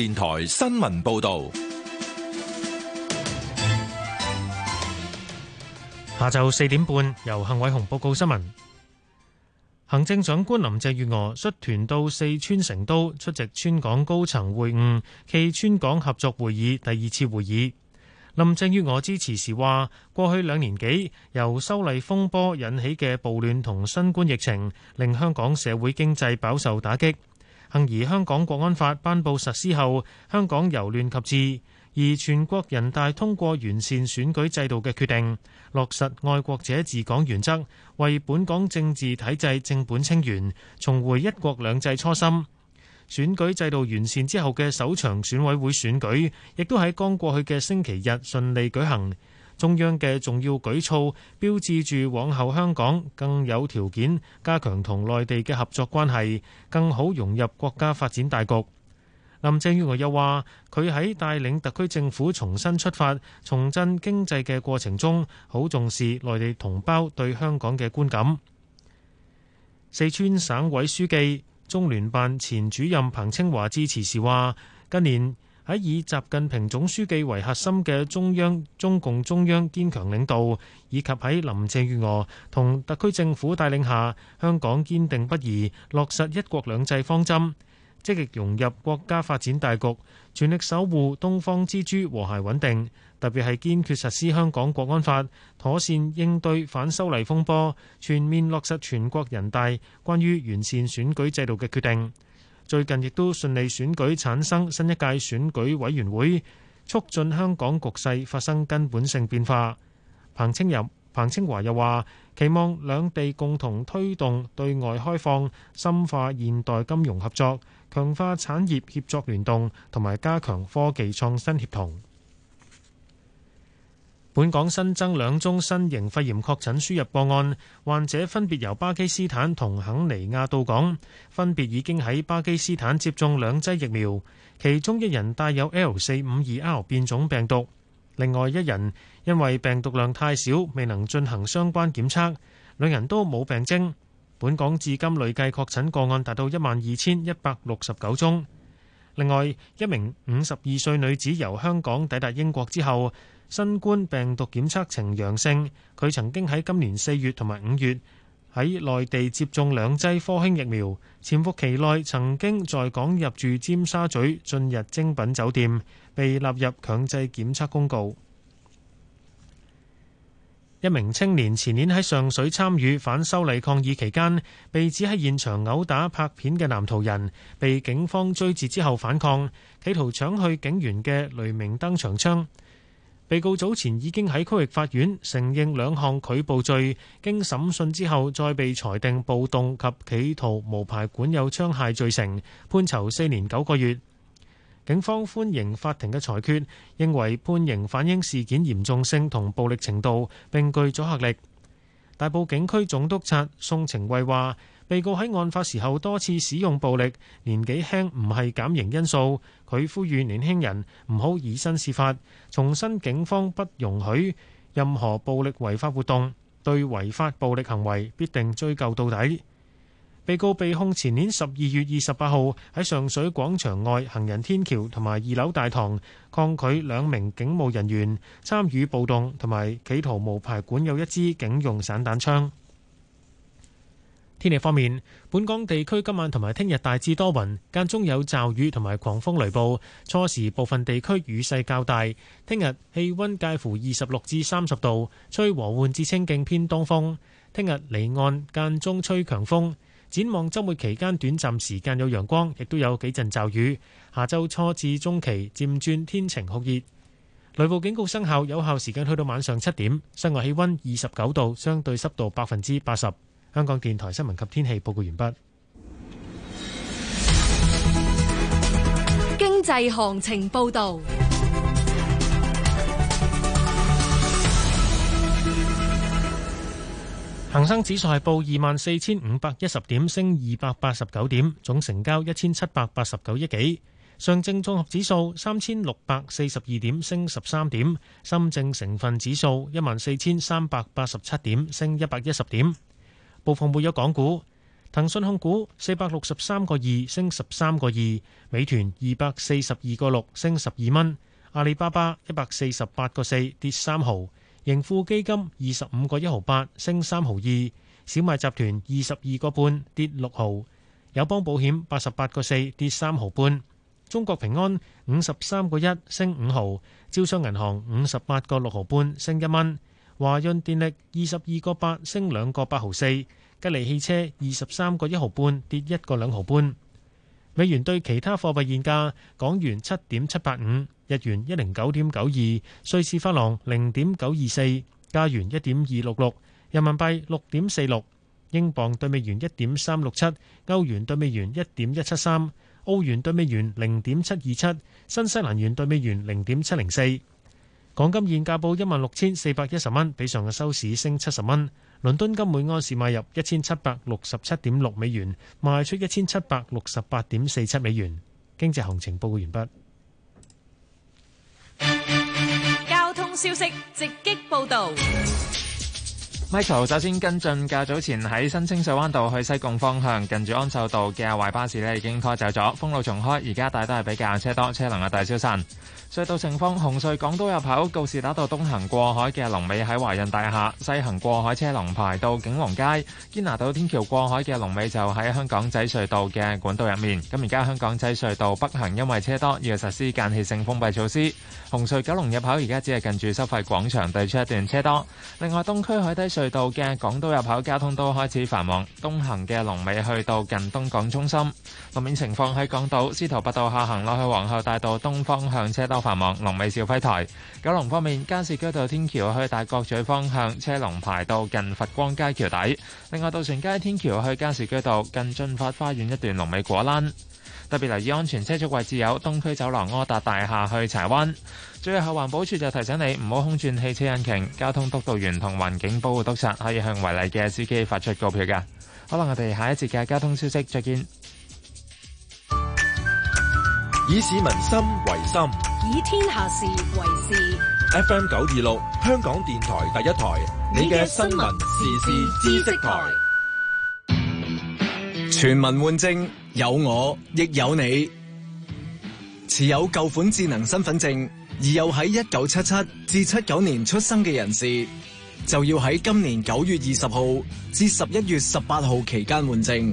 電台新聞報道，下晝四點半由幸偉雄報告,告新聞。行政長官林鄭月娥率團到四川成都出席川港高層會晤暨川港合作會議第二次會議。林鄭月娥致辭時話：過去兩年幾由修例風波引起嘅暴亂同新冠疫情，令香港社會經濟飽受打擊。幸而香港國安法頒布實施後，香港由亂及治；而全國人大通過完善選舉制度嘅決定，落實愛國者治港原則，為本港政治體制正本清源，重回一國兩制初心。選舉制度完善之後嘅首場選委會選舉，亦都喺剛過去嘅星期日順利舉行。中央嘅重要舉措，標誌住往後香港更有條件加強同內地嘅合作關係，更好融入國家發展大局。林鄭月娥又話，佢喺帶領特區政府重新出發，重振經濟嘅過程中，好重視內地同胞對香港嘅觀感。四川省委書記，中聯辦前主任彭清華支持時話，今年。喺以習近平總書記為核心嘅中央、中共中央堅強領導，以及喺林鄭月娥同特區政府帶領下，香港堅定不移，落實一國兩制方針，積極融入國家發展大局，全力守護東方之珠和諧穩定。特別係堅決實施香港國安法，妥善應對反修例風波，全面落實全國人大關於完善選舉制度嘅決定。最近亦都順利選舉產生新一屆選舉委員會，促進香港局勢發生根本性變化。彭清又彭清華又話期望兩地共同推動對外開放，深化現代金融合作，強化產業協作聯動，同埋加強科技創新協同。本港新增兩宗新型肺炎確診輸入個案，患者分別由巴基斯坦同肯尼亞到港，分別已經喺巴基斯坦接種兩劑疫苗，其中一人帶有 L 四五二 R 變種病毒，另外一人因為病毒量太少未能進行相關檢測，兩人都冇病徵。本港至今累計確診個案達到一萬二千一百六十九宗。另外一名五十二歲女子由香港抵達英國之後，新冠病毒檢測呈陽性，佢曾經喺今年四月同埋五月喺內地接種兩劑科興疫苗。潛伏期內曾經在港入住尖沙咀進入精品酒店，被納入強制檢測公告。一名青年前年喺上水參與反修例抗議期間，被指喺現場毆打拍片嘅男途人，被警方追截之後反抗，企圖搶去警員嘅雷明登長槍。被告早前已經喺區域法院承認兩項拒捕罪，經審訊之後再被裁定暴動及企圖無牌管有槍械罪成，判囚四年九個月。警方歡迎法庭嘅裁決，認為判刑反映事件嚴重性同暴力程度並具阻嚇力。大埔警區總督察宋晴衛話。被告喺案發時候多次使用暴力，年紀輕唔係減刑因素。佢呼籲年輕人唔好以身試法，重申警方不容許任何暴力違法活動，對違法暴力行為必定追究到底。被告被控前年十二月二十八號喺上水廣場外行人天橋同埋二樓大堂抗拒兩名警務人員參與暴動，同埋企圖無牌管有一支警用散彈槍。天氣方面，本港地區今晚同埋聽日大致多雲，間中有驟雨同埋狂風雷暴，初時部分地區雨勢較大。聽日氣溫介乎二十六至三十度，吹和緩至清勁偏東風。聽日離岸間中吹強風。展望周末期間短暫時間有陽光，亦都有幾陣驟雨。下周初至中期漸轉天晴酷熱。雷暴警告生效有效時間去到晚上七點，室外氣溫二十九度，相對濕度百分之八十。香港電台新聞及天氣報告完畢。經濟行情報道：恒生指數係報二萬四千五百一十點，升二百八十九點，總成交一千七百八十九億幾。上證綜合指數三千六百四十二點，升十三點。深證成分指數一萬四千三百八十七點，升一百一十點。部分冇港股，騰訊控股四百六十三個二升十三個二，美團二百四十二個六升十二蚊，阿里巴巴一百四十八個四跌三毫，盈富基金二十五個一毫八升三毫二，小米集團二十二個半跌六毫，友邦保險八十八個四跌三毫半，中國平安五十三個一升五毫，招商銀行五十八個六毫半升一蚊，華潤電力二十二個八升兩個八毫四。吉利汽車二十三個一毫半，跌一個兩毫半。美元對其他貨幣現價：港元七點七八五，日元一零九點九二，瑞士法郎零點九二四，加元一點二六六，人民幣六點四六，英鎊兌美元一點三六七，歐元兌美元一點一七三，澳元兌美元零點七二七，新西蘭元兌美元零點七零四。港金現價報一萬六千四百一十蚊，比上個收市升七十蚊。倫敦金每安士買入一千七百六十七點六美元，賣出一千七百六十八點四七美元。經濟行情報告完畢。交通消息直擊報道。Michael，首先跟進，較早前喺新清水灣道去西貢方向，近住安秀道嘅壞巴士咧已經拖走咗，封路重開，而家大係都係比較車多，車龍，啊大消散。隧道情況，紅隧港島入口告士打道東行過海嘅龍尾喺華潤大廈，西行過海車龍排到景隆街，堅拿道天橋過海嘅龍尾就喺香港仔隧道嘅管道入面。咁而家香港仔隧道北行因為車多，要實施間歇性封閉措施。紅隧九龍入口而家只係近住收費廣場對出一段車多。另外，東區海底隧道嘅港島入口交通都開始繁忙，東行嘅龍尾去到近東港中心。路面情況喺港島司徒拔道下行落去皇后大道東方向車多繁忙，龍尾肇輝臺。九龍方面，加士居道天橋去大角咀方向車龍排到近佛光街橋底。另外，渡船街天橋去加士居道近駿發花園一段龍尾果欄。特別留意安全車速位置有東區走廊、柯達大廈、去柴灣。最後，環保署就提醒你唔好空轉汽車引擎。交通督導員同環境保護督察可以向違例嘅司機發出告票㗎。好啦，我哋下一節嘅交通消息再見。以市民心為心，以天下事為事。F M 九二六，香港電台第一台，你嘅新聞時事知識台，全民換證。有我，亦有你。持有舊款智能身份證而又喺一九七七至七九年出生嘅人士，就要喺今年九月二十號至十一月十八號期間換證。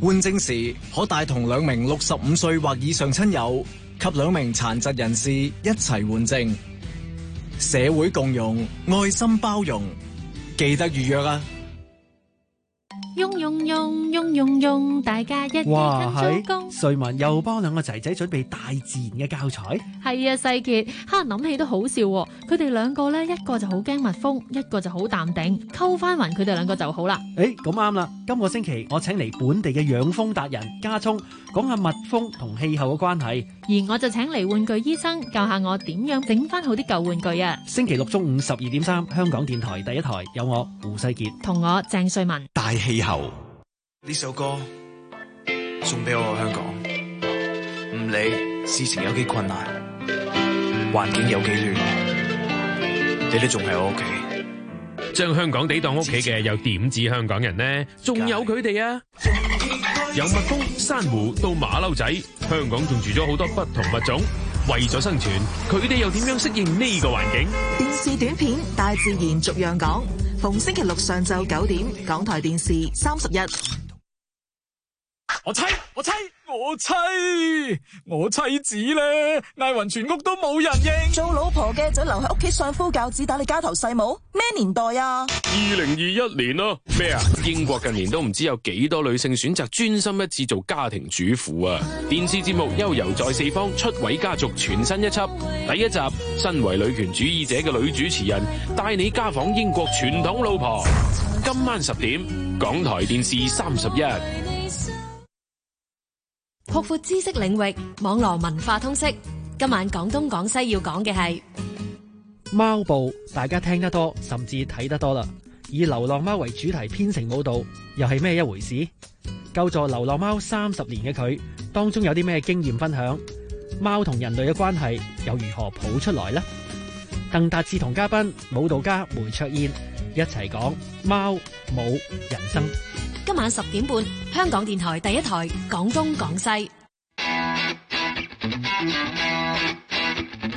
換證時可帶同兩名六十五歲或以上親友及兩名殘疾人士一齊換證。社會共融，愛心包容，記得預約啊！嗡嗡嗡嗡嗡嗡，大家一齊聽鐘工。瑞文又幫兩個仔仔準備大自然嘅教材。係啊，細傑。哈，諗起都好笑，哦。佢哋兩個咧，一個就好驚蜜蜂，一個就好淡定。溝翻勻佢哋兩個就好啦。誒、欸，咁啱啦。今個星期我請嚟本地嘅養蜂達人加蔥。講下蜜蜂同氣候嘅關係，而我就請嚟玩具醫生教下我點樣整翻好啲舊玩具啊！星期六中午十二點三，香港電台第一台有我胡世杰同我鄭瑞文《大氣候》呢首歌送俾我香港，唔理事情有幾困難，環境有幾亂，你都仲係我屋企，將香港地當屋企嘅又點止香港人呢？仲有佢哋啊！由蜜蜂、珊瑚到馬騮仔，香港仲住咗好多不同物種。為咗生存，佢哋又點樣適應呢個環境？電視短片《大自然逐樣講》，逢星期六上晝九點，港台電視三十日。我猜，我猜。我妻，我妻子咧，嗌雲，全屋都冇人應。做老婆嘅，就留喺屋企，相夫教子打你家頭細務？咩年代啊？二零二一年啦。咩啊？啊英國近年都唔知有幾多女性選擇專心一致做家庭主婦啊！電視節目《悠游在四方》出位家族全新一輯，第一集，身為女權主義者嘅女主持人帶你家訪英國傳統老婆。今晚十點，港台電視三十一。擴闊知識領域，網絡文化通識。今晚廣東廣西講東講西要講嘅係貓步，大家聽得多，甚至睇得多啦。以流浪貓為主題編成舞蹈，又係咩一回事？救助流浪貓三十年嘅佢，當中有啲咩經驗分享？貓同人類嘅關係又如何抱出來呢？鄧達志同嘉賓舞蹈家梅卓燕一齊講貓舞人生。嗯今晚十點半，香港電台第一台《講東講西》，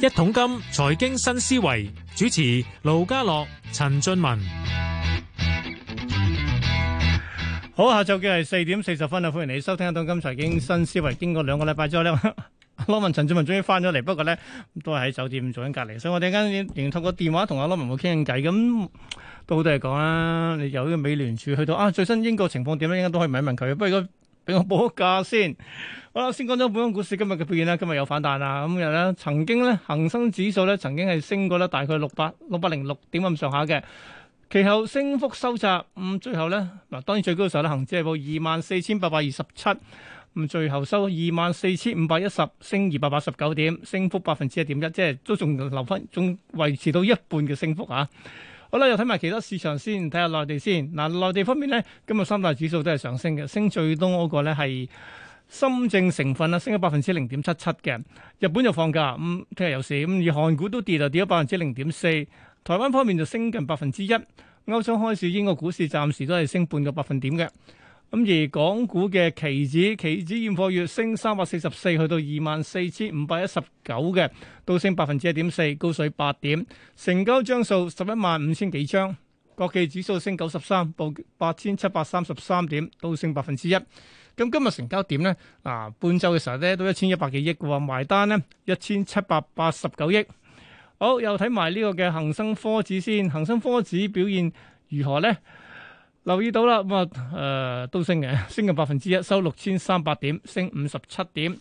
一桶金財經新思維主持盧家樂、陳俊文。好，下晝嘅係四點四十分啊！歡迎你收聽《一桶金財經新思維》，經過兩個禮拜之後呢。羅文陳志文終於翻咗嚟，不過咧都係喺酒店做緊隔離，所以我哋陣間仍透過電話同阿羅文會傾緊偈。咁都好多嘢講啦，你有個美聯儲去到啊，最新英國情況點咧？應該都可以問一問佢。不如俾我報個價先。好啦，先講咗本港股市今日嘅表現啦。今日有反彈啊，咁樣咧曾經咧恒生指數咧曾經係升過咧大概六百六百零六點咁上下嘅，其後升幅收窄，咁、嗯、最後咧嗱、啊、當然最高嘅時候咧恒指係報二萬四千八百二十七。咁最後收二萬四千五百一十，升二百八十九點，升幅百分之一點一，即係都仲留翻，仲維持到一半嘅升幅啊。好啦，又睇埋其他市場先，睇下內地先。嗱、啊，內地方面咧，今日三大指數都係上升嘅，升最多嗰個咧係深證成分啦，升咗百分之零點七七嘅。日本就放假，咁聽日有事。咁而韓股都跌啊，跌咗百分之零點四。台灣方面就升近百分之一。歐洲開市英國股市暫時都係升半個百分點嘅。咁而港股嘅期指，期指現貨月升三百四十四，去到二萬四千五百一十九嘅，都升百分之一點四，高水八點。成交張數十一萬五千幾張，國企指數升九十三，報八千七百三十三點，都升百分之一。咁今日成交點呢？嗱，半周嘅時候咧，都一千一百幾億嘅，埋單呢一千七百八十九億。好，又睇埋呢個嘅恒生科指先，恒生科指表現如何呢？留意到啦，咁啊，誒，都升嘅，升近百分之一，收六千三百點，升五十七點，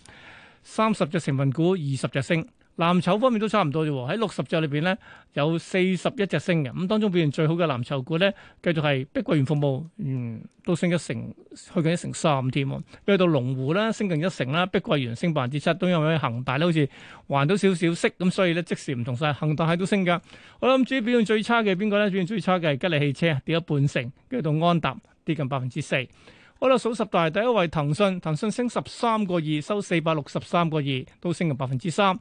三十隻成份股，二十隻升。藍籌方面都差唔多啫喎，喺六十隻裏邊咧，有四十一隻升嘅，咁當中表現最好嘅藍籌股咧，繼續係碧桂園服務，嗯，都升一成，去緊一成三添。跟住到龍湖啦，升近一成啦，碧桂園升百分之七，都因為恒大咧好似還到少少息，咁所以咧即時唔同晒，恒大係都升噶。好啦，咁至於表現最差嘅邊個咧？表現最差嘅係吉利汽車，跌咗半成，跟住到安踏跌近百分之四。好啦，數十大第一位騰訊，騰訊升十三個二，收四百六十三個二，都升近百分之三。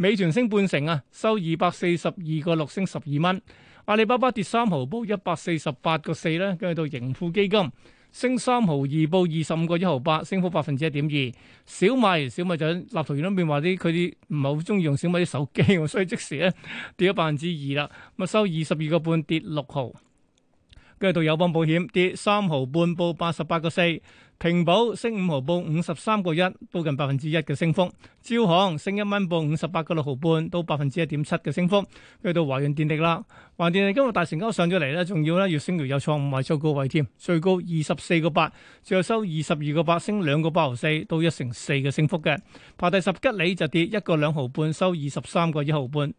美團升半成啊，收二百四十二個六，升十二蚊。阿里巴巴跌三毫，報一百四十八個四咧，跟住到盈富基金升三毫二，報二十五個一毫八，升幅百分之一點二。小米小米就喺立陶宛都變話啲，佢啲唔係好中意用小米啲手機喎，所以即時咧跌咗百分之二啦，咁啊收二十二個半，跌六毫。跟住到友邦保險跌三毫半，報八十八個四；平保升五毫，報五十三個一，報近百分之一嘅升幅。招行升一蚊，報五十八個六毫半，到百分之一點七嘅升幅。跟住到華潤電力啦，華潤電力今日大成交上咗嚟咧，仲要咧越升越有創五位數高位，添，最高二十四個八，最後收二十二個八，升兩個八毫四，到一成四嘅升幅嘅。排第十吉利就跌一個兩毫半，收二十三個一毫半。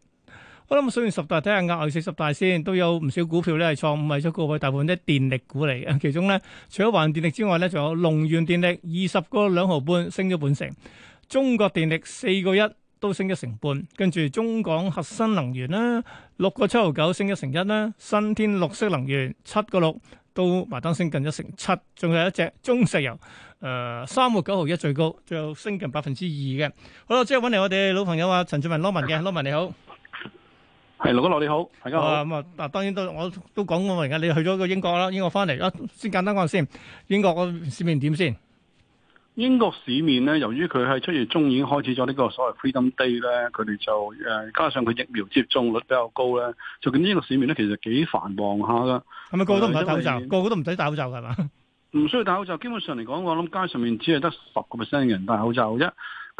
我諗咁，數完十大睇下額外四十大先，都有唔少股票咧係創五位數高位，大部分都係電力股嚟嘅。其中咧，除咗華潤電力之外咧，仲有龍源電力二十個兩毫半，升咗半成；中國電力四個一都升咗成半，跟住中廣核新能源咧六個七毫九，升一成一啦；新天綠色能源七個六都埋單，升近一成七。仲有一隻中石油，誒，三個九毫一最高，就升近百分之二嘅。好啦，即係搵嚟我哋老朋友啊，陳俊文 Lovin 嘅，Lovin 你好。係羅哥，羅你好，大家好。咁啊，嗱，當然都我都講過，而家你去咗個英國啦，英國翻嚟，啦，先簡單講先。英國個市面點先？英國市面咧，由於佢喺七月中已經開始咗呢個所謂 freedom day 咧，佢哋就誒，加上佢疫苗接種率比較高咧，就見英國市面咧，其實幾繁忙下噶。係咪個個都唔使戴口罩？呃、個個都唔使戴口罩係嘛？唔需要戴口罩。基本上嚟講，我諗街上面只係得十個 percent 嘅人戴口罩啫。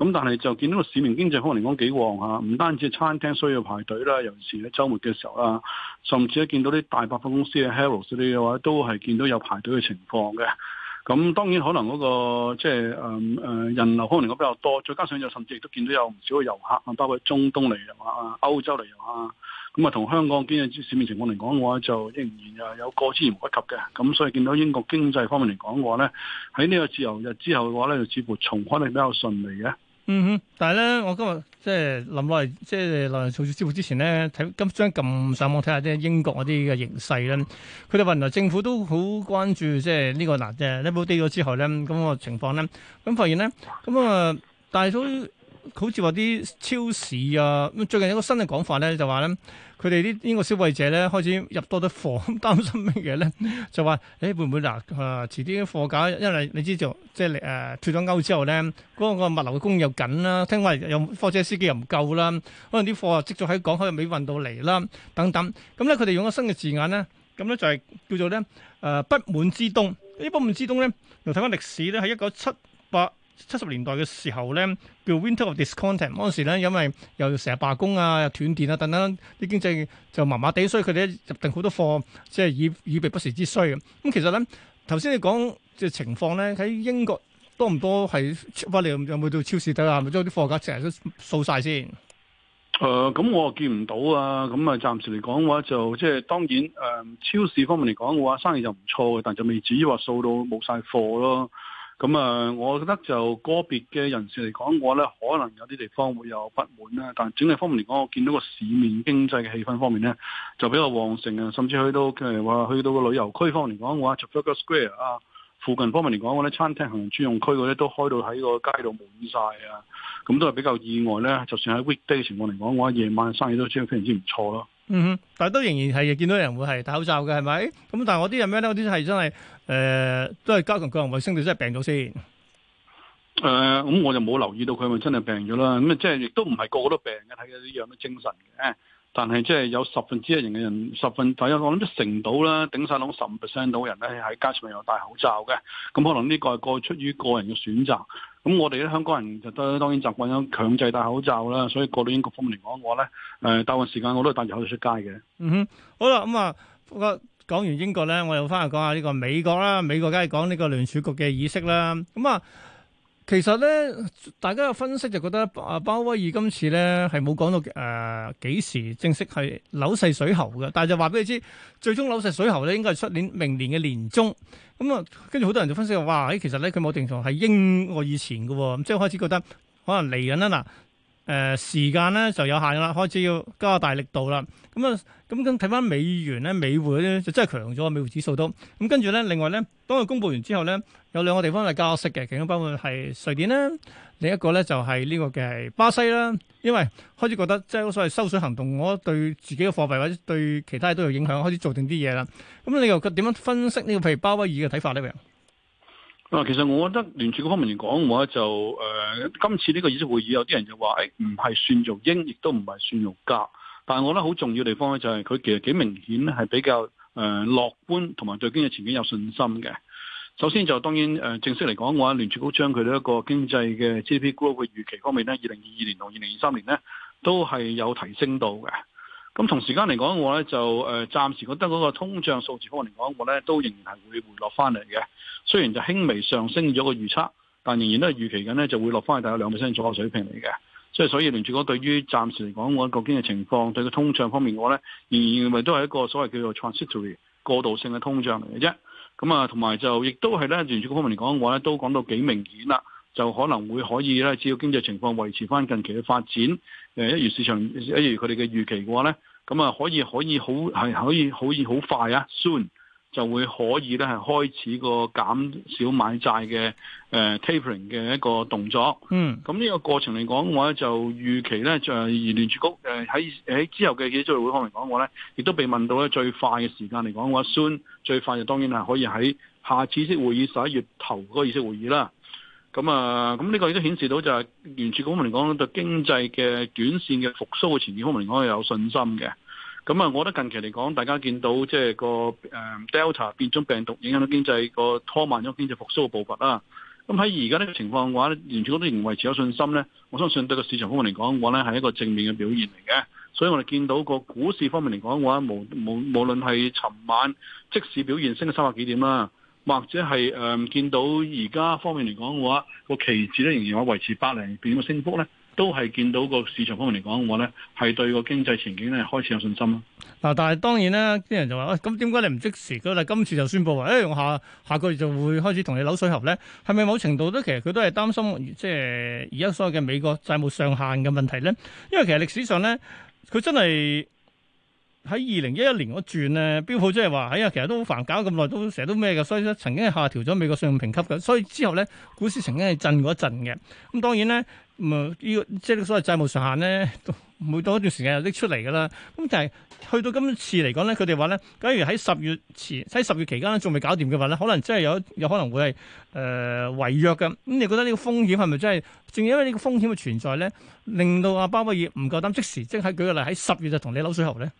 咁但係就見到個市面經濟可能嚟講幾旺嚇、啊，唔單止餐廳需要排隊啦、啊，尤其是喺週末嘅時候啊，甚至咧見到啲大百貨公司嘅 Harrods 嗰啲嘅話，都係見到有排隊嘅情況嘅。咁當然可能嗰、那個即係誒誒人流可能嚟講比較多，再加上又甚至亦都見到有唔少嘅遊客啊，包括中東嚟遊啊、歐洲嚟遊啊，咁啊同香港經濟市面情況嚟講嘅話，就仍然又有過之而無不及嘅。咁所以見到英國經濟方面嚟講嘅話咧，喺呢個自由日之後嘅話咧，似乎重開係比較順利嘅。嗯哼，但係咧，我今日即係諗落嚟，即係嚟做支付之前咧，睇今將撳上網睇下啲英國嗰啲嘅形勢咧，佢哋話原來政府都好關注，即係呢、這個難啫，level day 咗之後咧，咁、那個情況咧，咁發現咧，咁啊大都。好似話啲超市啊，最近有個新嘅講法咧，就話咧，佢哋啲英國消費者咧，開始入多啲貨呵呵，擔心乜嘢咧？就話，誒、欸、會唔會嗱誒、呃、遲啲貨架？因為你知就即係誒脫咗歐之後咧，嗰、那個物流嘅工又緊啦，聽話又貨車司機又唔夠啦，可能啲貨積咗喺港口又未運到嚟啦，等等。咁咧佢哋用咗新嘅字眼咧，咁咧就係叫做咧誒不滿之冬。呢不滿之冬咧，又睇翻歷史咧，喺一九七八。七十年代嘅時候咧，叫 Winter of Discontent。嗰陣時咧，因為又成日罷工啊、又斷電啊等等，啲經濟就麻麻地，所以佢哋入定好多貨，即係以以備不時之需嘅。咁、嗯、其實咧，頭先你講嘅情況咧，喺英國多唔多係出翻嚟？有冇到超市睇下？係咪將啲貨價成日都掃曬先？誒，咁我又見唔到啊。咁啊，暫時嚟講嘅話，就即、是、係當然誒、呃，超市方面嚟講嘅話，生意就唔錯嘅，但就未至於話掃到冇晒貨咯。咁啊、嗯，我覺得就個別嘅人士嚟講，嘅話咧可能有啲地方會有不滿啦。但整體方面嚟講，我見到個市面經濟嘅氣氛方面咧，就比較旺盛啊。甚至去到譬如話去到個旅遊區方面嚟講嘅話 Central Square 啊，附近方面嚟講嘅咧，餐廳同行人專用區嗰啲都開到喺個街度滿晒啊。咁、嗯、都係比較意外咧。就算喺 weekday 嘅情況嚟講，嘅話夜晚生意都真係非常之唔錯咯。嗯哼，但係都仍然係見到人會係戴口罩嘅，係咪？咁但係我啲係咩咧？我啲係真係，誒，都係加強個人衛生，定真係病咗先？誒，咁我就冇留意到佢咪真係病咗啦。咁、嗯、啊，即係亦都唔係個個都病嘅，睇佢啲樣都精神嘅。但係即係有十分之一型嘅人，十分第一我諗一成到啦，頂晒攏十五 percent 到人咧，喺街上面有戴口罩嘅。咁可能呢個係個出於個人嘅選擇。咁我哋咧香港人就都當然習慣咗強制戴口罩啦，所以過到英國方面嚟講嘅話咧，誒，大部分時間我都係戴住口罩出街嘅。嗯哼，好啦，咁、嗯、啊，講完英國咧，我又翻嚟講下呢個美國啦。美國梗係講呢個聯儲局嘅議息啦，咁、嗯、啊。其實咧，大家嘅分析就覺得啊，鮑威爾今次咧係冇講到誒幾時正式係扭勢水喉嘅，但係就話俾你知，最終扭勢水喉咧應該係出年明年嘅年中。咁啊，跟住好多人就分析話，哇，誒其實咧佢冇定調係鷹過以前嘅喎，咁即係開始覺得可能嚟緊啦。嗱，誒時間咧就有限啦，開始要加大力度啦。咁啊，咁咁睇翻美元咧，美匯咧就真係強咗，美匯指數都。咁跟住咧，另外咧，當佢公佈完之後咧。有兩個地方係加息嘅，其中包括係瑞典啦，另一個咧就係呢個嘅巴西啦。因為開始覺得即係所謂收水行動，我對自己嘅貨幣或者對其他嘢都有影響，開始做定啲嘢啦。咁你又佢點樣分析呢、這個？譬如鮑威爾嘅睇法呢？位啊，其實我覺得聯儲方面嚟講嘅話，就誒、呃，今次呢個議息會議有啲人就話，誒、哎，唔係算油鷹，亦都唔係算油鴿，但係我覺得好重要地方咧就係、是、佢其實幾明顯咧係比較誒、呃、樂觀，同埋對經濟前景有信心嘅。首先就當然誒正式嚟講，我聯儲局將佢哋一個經濟嘅 GDP growth 嘅預期方面咧，二零二二年同二零二三年咧都係有提升到嘅。咁同時間嚟講，我咧就誒、呃、暫時覺得嗰個通脹數字方面嚟講，我咧都仍然係會回落翻嚟嘅。雖然就輕微上升咗個預測，但仍然都係預期緊咧就會落翻去大概兩 percent 左右水平嚟嘅。所以所以聯儲局對於暫時嚟講，我一個經濟情況對個通脹方面我咧仍然認為都係一個所謂叫做 transitory 過渡性嘅通脹嚟嘅啫。咁啊，同埋、嗯、就亦都係咧，連接方面嚟講嘅話咧，都講到幾明顯啦。就可能會可以咧，只要經濟情況維持翻近期嘅發展，誒、呃，一如市場一如佢哋嘅預期嘅話咧，咁、嗯、啊，可以可以好係可以可以好快啊，soon。就會可以咧，係開始個減少買債嘅誒、呃、tapering 嘅一個動作。嗯，咁呢個過程嚟講，我咧就預期咧，就、呃、而聯儲局誒喺喺之後嘅記者招待會方面講，我咧亦都被問到咧，最快嘅時間嚟講，我話 soon 最快就當然係可以喺下次議息會議十一月頭嗰個議息會議啦。咁、嗯、啊，咁、呃、呢、這個亦都顯示到就係聯儲局方面嚟講對經濟嘅短線嘅復甦嘅前景方面嚟講係有信心嘅。咁啊，我覺得近期嚟講，大家見到即係個誒 Delta 變種病毒影響到經濟，個拖慢咗經濟復甦嘅步伐啦。咁喺而家呢個情況嘅話，聯儲都仍然維持有信心咧。我相信對個市場方面嚟講嘅話咧，係一個正面嘅表現嚟嘅。所以我哋見到個股市方面嚟講嘅話，無無無論係尋晚即時表現升咗三百幾點啦，或者係誒、呃、見到而家方面嚟講嘅話，個期指咧仍然話維持百零點嘅升幅咧。都係見到個市場方面嚟講，我咧係對個經濟前景咧開始有信心啦。嗱，但係當然啦，啲人就話：喂、哎，咁點解你唔即時？佢話今次就宣佈話，誒、哎，我下下個月就會開始同你扭水喉咧。係咪某程度都其實佢都係擔心，即係而家所謂嘅美國債務上限嘅問題咧？因為其實歷史上咧，佢真係喺二零一一年嗰轉咧，標普即係話：哎呀，其實都好煩，搞咁耐都成日都咩嘅，所以曾經係下調咗美國信用評級嘅。所以之後咧，股市曾經係震一陣嘅。咁當然咧。啊，呢、這個即係、這個、所謂債務上限咧，每到一段時間又拎出嚟噶啦。咁但係去到今次嚟講咧，佢哋話咧，假如喺十月前、喺十月期間仲未搞掂嘅話咧，可能真係有有可能會係誒違約嘅。咁你覺得呢個風險係咪真係？正因為呢個風險嘅存在咧，令到阿鮑威爾唔夠膽即時即係舉個例喺十月就同你扭水喉咧。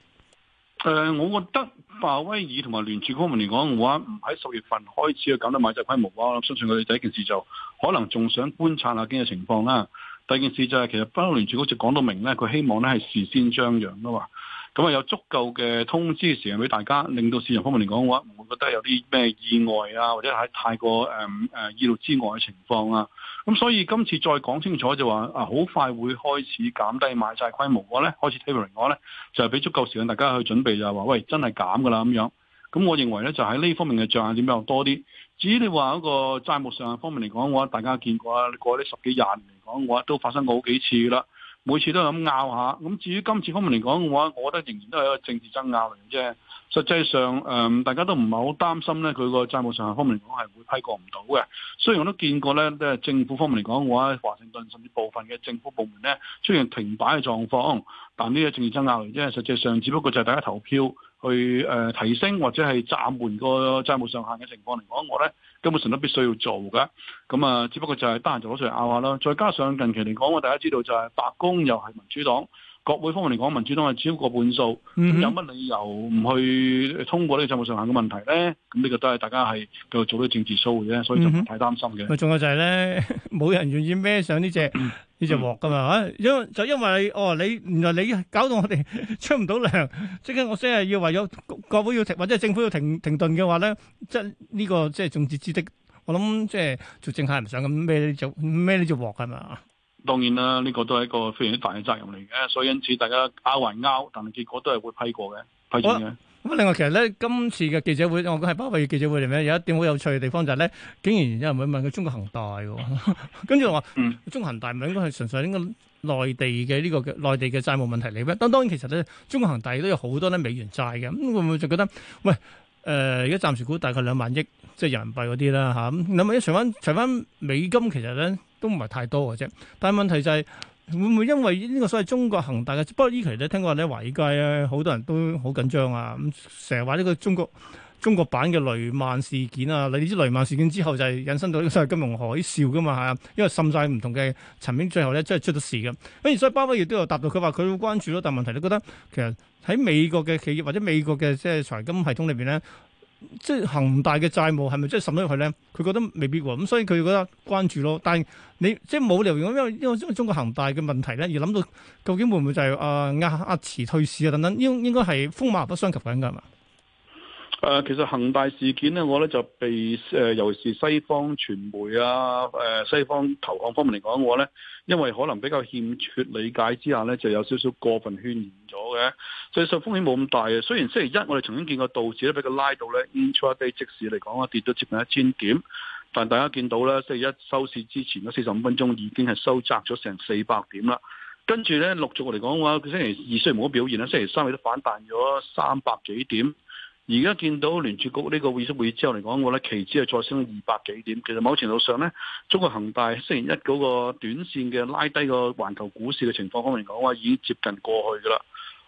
誒、呃，我覺得鮑威爾同埋聯儲方面嚟講，我唔喺十月份開始去搞低買債規模啊，相信佢哋第一件事就可能仲想觀察下經濟情況啦。第二件事就係、是，其實聯儲局主席講到明咧，佢希望咧係事先張揚嘅話，咁、嗯、啊有足夠嘅通知時間俾大家，令到市場方面嚟講嘅話，唔會覺得有啲咩意外啊，或者係太過誒誒、嗯啊、意料之外嘅情況啊。咁、嗯、所以今次再講清楚就話啊，好快會開始減低買債規模嘅話咧，開始 tapering 咧，就係俾足夠時間大家去準備就係、是、話，喂，真係減嘅啦咁樣。咁、嗯、我認為咧，就喺呢方面嘅著眼點比較多啲。至於你話嗰個債務上限方面嚟講，我覺得大家見過啊，你過呢十幾廿年嚟講，我覺得都發生過好幾次啦。每次都係咁拗下。咁至於今次方面嚟講嘅話，我覺得仍然都係一個政治爭拗嚟嘅啫。實際上，誒、呃，大家都唔係好擔心咧，佢個債務上限方面嚟講係會批過唔到嘅。雖然我都見過咧，即係政府方面嚟講嘅話，華盛頓甚至部分嘅政府部門咧出現停擺嘅狀況，但呢啲政治爭拗嚟啫。實際上，只不過就係大家投票。去誒提升或者係暫緩個債務上限嘅情況嚟講，我呢根本上都必須要做嘅。咁啊，只不過就係得閒就攞出嚟拗下咯。再加上近期嚟講，我大家知道就係白宮又係民主黨。國會方面嚟講，民主黨係超過半數，有乜理由唔去通過呢個債務上限嘅問題咧？咁呢個都係大家係繼續做啲政治 show 嘅，所以就唔太擔心嘅。咪仲、嗯、有就係、是、咧，冇人願意孭上呢隻呢隻鑊噶嘛？因為就因為哦，你原來你搞到我哋出唔到糧，即刻我先係要為咗國會要停，或者係政府要停停頓嘅話咧，即呢個即係眾矢之的，我諗即係做政客係唔想咁孭呢隻孭呢隻鑊噶嘛。當然啦，呢、這個都係一個非常之大嘅責任嚟嘅，所以因此大家拗還拗，但係結果都係會批過嘅，批準嘅。咁、啊、另外，其實咧今次嘅記者會，我覺係包括記者會嚟咩？有一點好有趣嘅地方就係、是、咧，竟然有人會問佢中國恒大嘅、哦，跟住話，嗯，中恒大唔係應該係純粹應該內地嘅呢、這個內地嘅債務問題嚟咩？但當然其實咧，中國恒大都有好多咧美元債嘅，咁會唔會就覺得喂，誒、呃，而家暫時估大概兩萬億即係人民幣嗰啲啦吓，咁兩萬億除翻除翻美金，其實咧。都唔係太多嘅啫，但係問題就係會唔會因為呢個所謂中國恒大嘅？ 不過依期咧聽過咧華爾街咧好多人都好緊張啊，咁成日話呢個中國中國版嘅雷曼事件啊，你呢啲雷曼事件之後就係引申到呢個所謂金融海嘯噶嘛，係啊，因為滲晒唔同嘅層面，最後咧真係出咗事嘅。咁而所以鮑威爾亦都有答到，佢話佢會關注咯，但係問題你覺得其實喺美國嘅企業或者美國嘅即係財金系統裏邊咧。即恒大嘅債務係咪真係滲咗入去咧？佢覺得未必喎，咁所以佢覺得關注咯。但係你即冇理由，因為因為中國恒大嘅問題咧，而諗到究竟會唔會就係啊壓壓遲退市啊等等，應應該係風馬不相及緊㗎嘛？誒，其實恒大事件咧，我咧就被誒、呃，尤其是西方傳媒啊，誒、呃、西方投行方面嚟講，我咧因為可能比較欠缺理解之下咧，就有少少過分渲染咗嘅。所以上風險冇咁大嘅，雖然星期一我哋曾經見過道指咧，俾佢拉到咧 intraday 即時嚟講啊，跌到接近一千點。但大家見到咧，星期一收市之前嗰四十五分鐘已經係收窄咗成四百點啦。跟住咧陸續嚟講嘅話，佢星期二雖然冇乜表現啦，星期三亦都反彈咗三百幾點。而家見到聯儲局呢個議息會議之後嚟講，我覺得期指係再升二百幾點。其實某程度上咧，中國恒大星期一嗰個短線嘅拉低個環球股市嘅情況方面嚟講，話已經接近過去噶啦。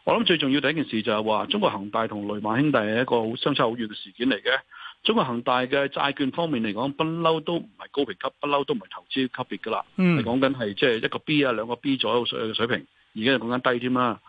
我諗最重要第一件事就係話，中國恒大同雷曼兄弟係一個好相差好遠嘅事件嚟嘅。中國恒大嘅債券方面嚟講，不嬲都唔係高評級，不嬲都唔係投資級別噶啦。嗯，係講緊係即係一個 B 啊，兩個 B 左右嘅水平，而家就講緊低添啦。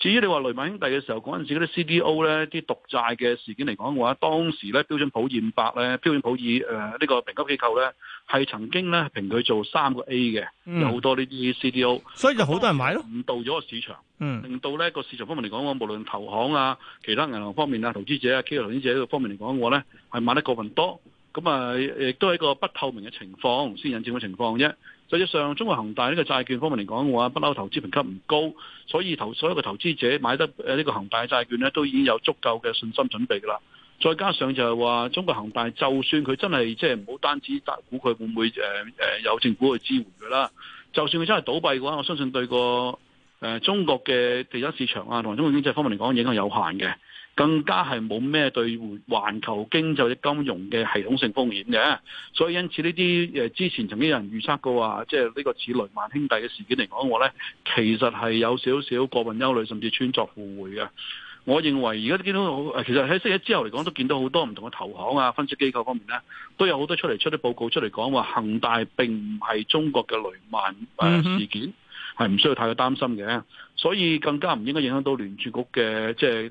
至於你話雷曼兄弟嘅時候嗰陣時嗰啲 CDO 咧啲毒債嘅事件嚟講嘅話，當時咧標準普爾五百咧、標準普爾誒呢個評級機構咧係曾經咧評佢做三個 A 嘅，有好多呢啲 CDO，嗯，所以就好多人買咯，誤導咗個市場，令到咧個市場方面嚟講，無論投行啊、其他銀行方面啊、投資者啊、機構投資者呢個方面嚟講，我咧係買得過分多。咁啊，亦、嗯、都係一個不透明嘅情況先引致嘅情況啫。實際上，中國恒大呢個債券方面嚟講嘅話，不嬲投資評級唔高，所以投所有嘅投資者買得誒呢個恒大嘅債券咧，都已經有足夠嘅信心準備噶啦。再加上就係話，中國恒大就算佢真係即係唔好單止打鼓，佢會唔會誒誒有政府去支援佢啦？就算佢真係倒閉嘅話，我相信對個誒、呃、中國嘅地產市場啊同埋中國經濟方面嚟講，影響有限嘅。更加係冇咩對環球經濟嘅金融嘅系統性風險嘅，所以因此呢啲誒之前曾經有人預測過話，即係呢個似雷曼兄弟嘅事件嚟講，我咧其實係有少少過分憂慮，甚至穿鑿附會嘅。我認為而家都見到好，其實喺星期一之後嚟講，都見到好多唔同嘅投行啊、分析機構方面咧，都有好多出嚟出啲報告出嚟講話，恒大並唔係中國嘅雷曼、呃、事件。Mm hmm. 係唔需要太過擔心嘅，所以更加唔應該影響到聯儲局嘅即係誒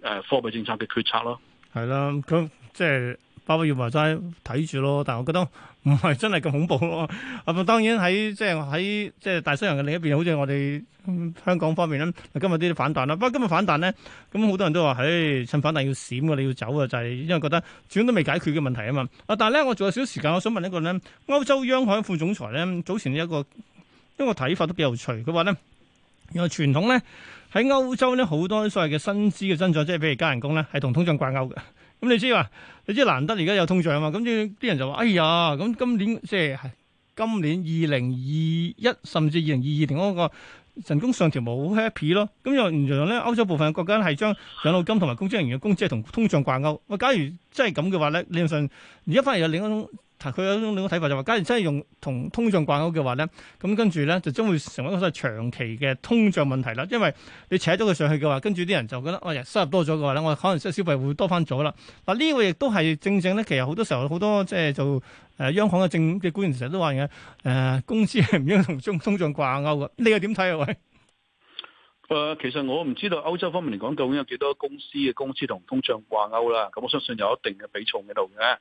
誒貨幣政策嘅決策咯。係啦，咁即係包萬要話齋睇住咯。但係我覺得唔係真係咁恐怖咯。啊，當然喺即係喺即係大西洋嘅另一邊，好似我哋、嗯、香港方面咧，今日啲反彈啦。不過今日反彈咧，咁好多人都話：喺、哎、趁反彈要閃嘅，你要走啊！就係、是、因為覺得始終都未解決嘅問題啊嘛。啊，但係咧，我仲有少少時間，我想問一個咧，歐洲央行副總裁咧，早前一個。因為個睇法,都幾有趣。佢話咧，原來傳統咧，喺歐洲咧好多所謂嘅薪資嘅增長，即係譬如加人工咧，係同通脹掛鈎嘅。咁、嗯、你知嘛、啊？你知難得而家有通脹啊嘛，咁啲人就話：哎呀，咁、嗯、今年即係今年二零二一，甚至二零二二年嗰、那個人工上調冇 happy 咯。咁又原嚟咧，歐洲部分嘅國家係將養老金同埋公職人員嘅工資係同通脹掛鈎。喂、嗯，假如真係咁嘅話咧，理論上而家反而有另一種。佢有種另一種睇法就話、是，假如真係用同通脹掛鈎嘅話咧，咁跟住咧就將會成為一個長期嘅通脹問題啦。因為你扯咗佢上去嘅話，跟住啲人就覺得，哦、哎，收入多咗嘅話咧，我可能消消費會多返咗啦。嗱，呢個亦都係正正咧，其實好多時候好多即係做誒央行嘅政嘅官，其實都話嘅誒，公司係唔應該同中通脹掛鈎嘅。你又點睇啊，喂？誒，其實我唔知道歐洲方面嚟講究竟有幾多公司嘅公司同通脹掛鈎啦。咁我相信有一定嘅比重喺度嘅。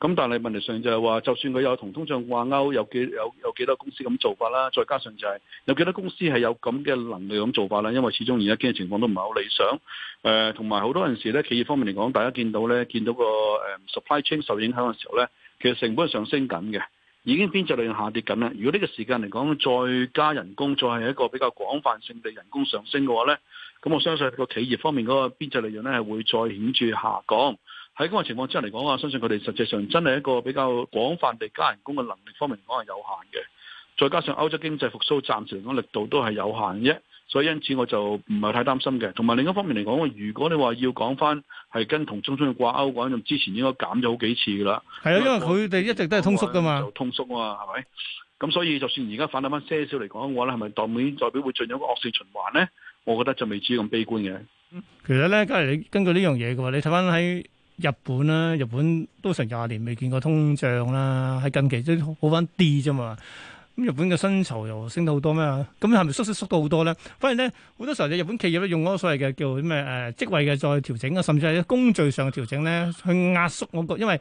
咁但係問題上就係話，就算佢有同通脹掛鈎，有幾有有幾多公司咁做法啦？再加上就係、是、有幾多公司係有咁嘅能力咁做法咧？因為始終而家經濟情況都唔係好理想。誒、呃，同埋好多陣時咧，企業方面嚟講，大家見到咧，見到個誒 supply chain 受影響嘅時候咧，其實成本係上升緊嘅，已經邊際利潤下跌緊啦。如果呢個時間嚟講再加人工，再係一個比較廣泛性嘅人工上升嘅話咧，咁我相信個企業方面嗰個邊際利潤咧係會再顯著下降。喺嗰個情況之下嚟講啊，相信佢哋實際上真係一個比較廣泛地加人工嘅能力方面講係有限嘅。再加上歐洲經濟復甦暫時嚟講力度都係有限啫，所以因此我就唔係太擔心嘅。同埋另一方面嚟講，如果你話要講翻係跟同中東掛鈎嘅話，之前應該減咗好幾次噶啦。係啊的，因為佢哋一直都係通縮噶嘛，就通縮啊，係咪？咁所以就算而家反彈翻些少嚟講嘅話咧，係咪代表代表會進入一個惡性循環呢？我覺得就未至於咁悲觀嘅。其實呢，今日根據呢樣嘢嘅話，你睇翻喺。日本啦，日本都成廿年未見過通脹啦，喺近期都好翻啲啫嘛。咁日本嘅薪酬又升到好多咩？咁係咪縮縮縮到好多咧？反而咧好多時候，日本企業咧用嗰個所謂嘅叫咩誒職位嘅再調整啊，甚至係工序上嘅調整咧，去壓縮我個，因為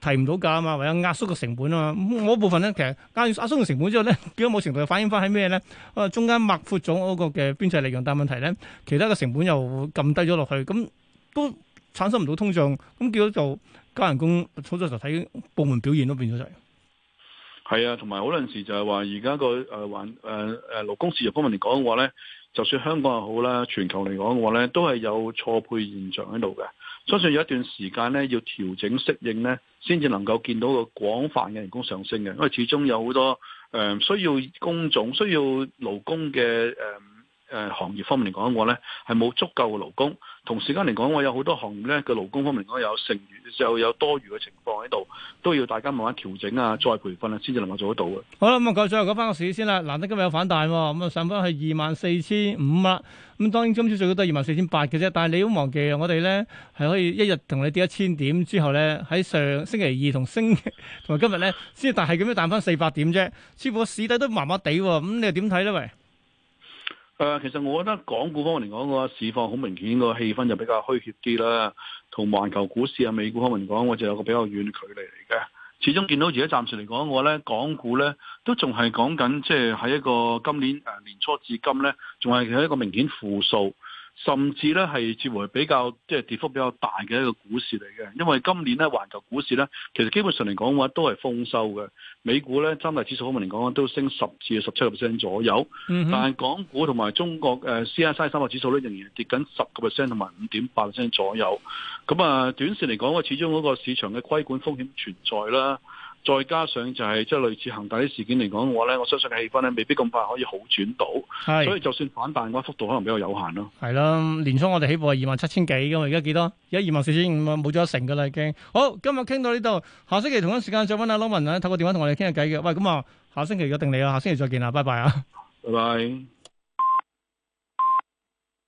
提唔到價啊嘛，唯有壓縮個成本啊嘛。咁部分咧，其實壓縮壓縮個成本之後咧，變咗冇程度，反映翻喺咩咧？啊，中間擴闊咗嗰個嘅邊際利潤，但問題咧，其他嘅成本又撳低咗落去，咁都。產生唔到通脹，咁結果就加人工，好多時候睇部門表現都變咗就係。係啊，同埋好多時就係話，而家個誒揾誒誒勞工市場方面嚟講嘅話咧，就算香港又好啦，全球嚟講嘅話咧，都係有錯配現象喺度嘅。相信有一段時間咧，要調整適應咧，先至能夠見到個廣泛嘅人工上升嘅，因為始終有好多誒、呃、需要工種、需要勞工嘅誒。呃誒、呃，行業方面嚟講我話咧，係冇足夠嘅勞工；同時間嚟講我有好多行業咧嘅勞工方面講有剩餘，就有多餘嘅情況喺度，都要大家慢慢調整啊，再培訓啊，先至能夠做得到嘅。好啦，咁、嗯、啊，再講翻個市先啦。難得今日有反彈、哦，咁、嗯、啊，上翻去二萬四千五啦。咁、嗯、當然今朝最高都係二萬四千八嘅啫。但係你要忘記我呢，我哋咧係可以一日同你跌一千點之後咧，喺上星期二同星期同埋今日咧，先但係咁樣彈翻四百點啫。似乎個市底都麻麻地喎，咁、嗯、你又點睇咧？喂？誒、呃，其實我覺得港股方面嚟講，個市況好明顯個氣氛就比較虛怯啲啦。同環球股市啊、美股方面講，我就有個比較遠距離嚟嘅。始終見到而家暫時嚟講，我咧港股咧都仲係講緊，即係喺一個今年誒、呃、年初至今咧，仲係喺一個明顯負數。甚至咧係接回比較即係、就是、跌幅比較大嘅一個股市嚟嘅，因為今年咧環球股市咧其實基本上嚟講嘅話都係豐收嘅，美股咧三大指數方面嚟講都升十至十七個 percent 左右，但係港股同埋中國誒 CSI 三百指數咧仍然係跌緊十個 percent 同埋五點八 percent 左右，咁啊短線嚟講嘅，始終嗰個市場嘅規管風險存在啦。再加上就係即係類似恒大啲事件嚟講嘅話咧，我相信氣氛咧未必咁快可以好轉到，是所以就算反彈嘅話，嗰幅度可能比較有限咯。係咯，年初我哋起步係二萬七千幾嘅嘛，而家幾多？而家二萬四千五啊，冇咗一成嘅啦已經。好，今日傾到呢度，下星期同一時間再揾阿、啊、Lowen 啊，透過電話同我哋傾下偈嘅。喂，咁啊，下星期約定你啊，下星期再見啊，拜拜啊，拜拜。